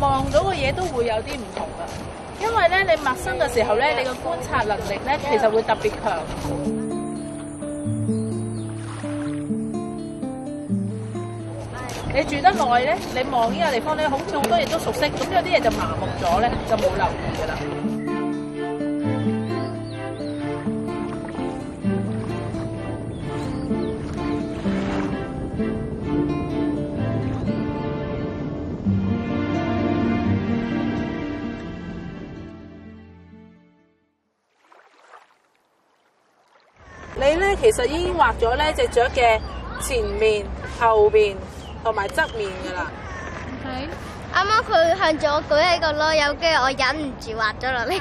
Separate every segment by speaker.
Speaker 1: 望到嘅嘢都會有啲唔同噶，因為咧你陌生嘅時候咧，你嘅觀察能力咧其實會特別強。你住得耐咧，你望呢個地方咧，好似好多嘢都熟悉，咁有啲嘢就麻木咗咧，就冇留意噶啦。其實已經畫咗呢隻雀嘅前面、後面同埋側面噶啦。睇，啱啱佢向咗舉起個攞有機，我忍唔住畫咗落嚟。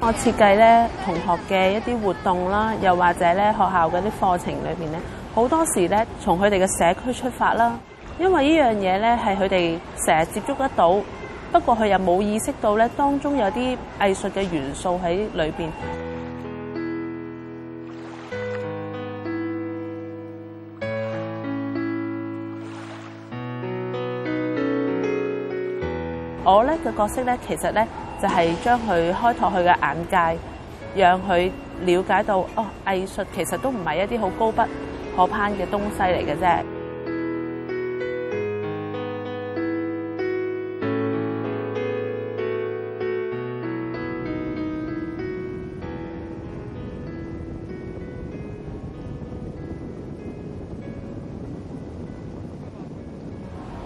Speaker 1: 我設計咧同學嘅一啲活動啦，又或者咧學校嗰啲課程裏邊咧，好多時咧從佢哋嘅社區出發啦，因為呢樣嘢咧係佢哋成日接觸得到，不過佢又冇意識到咧當中有啲藝術嘅元素喺裏邊。我咧嘅角色咧，其實咧就係將佢開拓佢嘅眼界，讓佢了解到哦，藝術其實都唔係一啲好高不可攀嘅東西嚟嘅啫。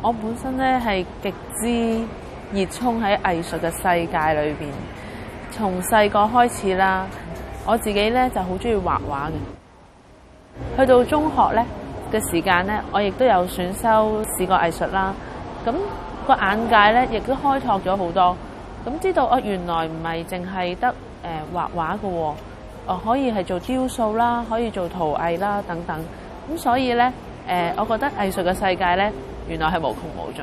Speaker 1: 我本身咧係極之熱衷喺藝術嘅世界裏邊，從細個開始啦。我自己咧就好中意畫畫嘅。去到中學咧嘅時間咧，我亦都有選修試過藝術啦。咁個眼界咧亦都開拓咗好多。咁知道我原來唔係淨係得誒畫畫嘅喎，哦可以係做雕塑啦，可以做陶藝啦等等。咁所以咧誒，我覺得藝術嘅世界咧，原來係無窮無盡。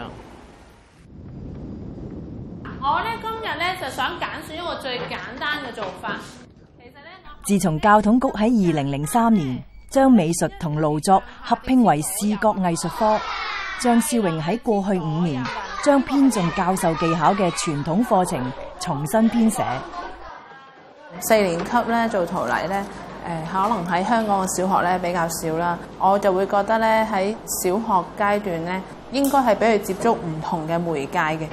Speaker 1: 我咧今日咧就想揀選一個最簡單嘅做法。其實咧，自從教統局喺二零零三年將美術同勞作合拼為視覺藝術科，張詩詠喺過去五年將偏重教授技巧嘅傳統課程重新編寫。四年級咧做陶泥咧，誒，可能喺香港嘅小學咧比較少啦。我就會覺得咧喺小學階段咧，應該係俾佢接觸唔同嘅媒介嘅。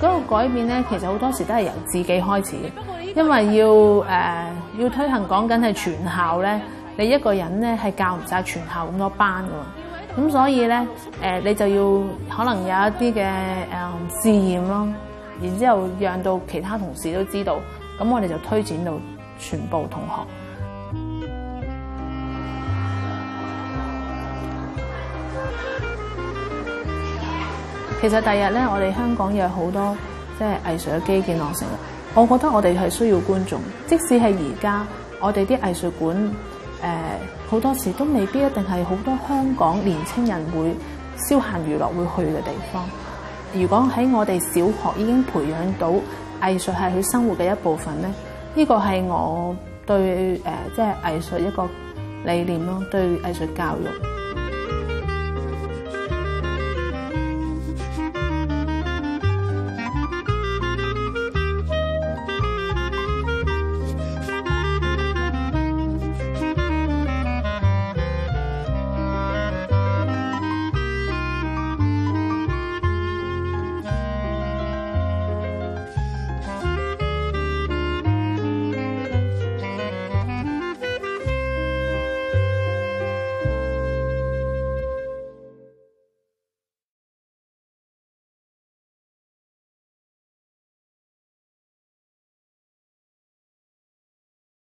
Speaker 1: 嗰個改變咧，其實好多時都係由自己開始嘅，因為要、呃、要推行講緊係全校咧，你一個人咧係教唔晒全校咁多班噶喎，咁所以咧、呃、你就要可能有一啲嘅誒試驗咯，然之後讓到其他同事都知道，咁我哋就推展到全部同學。其實第日咧，我哋香港有好多即係藝術嘅基建落成，我覺得我哋係需要觀眾。即使係而家，我哋啲藝術館誒好，呃，多時都未必一定係好多香港年青人會消閒娛樂會去嘅地方。如果喺我哋小學已經培養到藝術係佢生活嘅一部分咧，呢，呢個係我對誒即係藝術一個理念咯，對藝術教育。